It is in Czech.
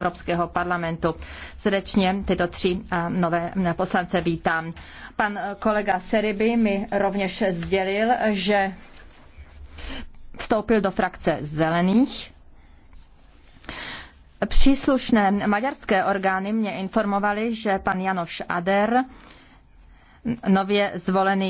Evropského parlamentu. Srdečně tyto tři eh, nové eh, poslance vítám. Pan eh, kolega Seriby mi rovněž sdělil, že vstoupil do frakce zelených. Příslušné maďarské orgány mě informovaly, že pan Janoš Ader, nově zvolený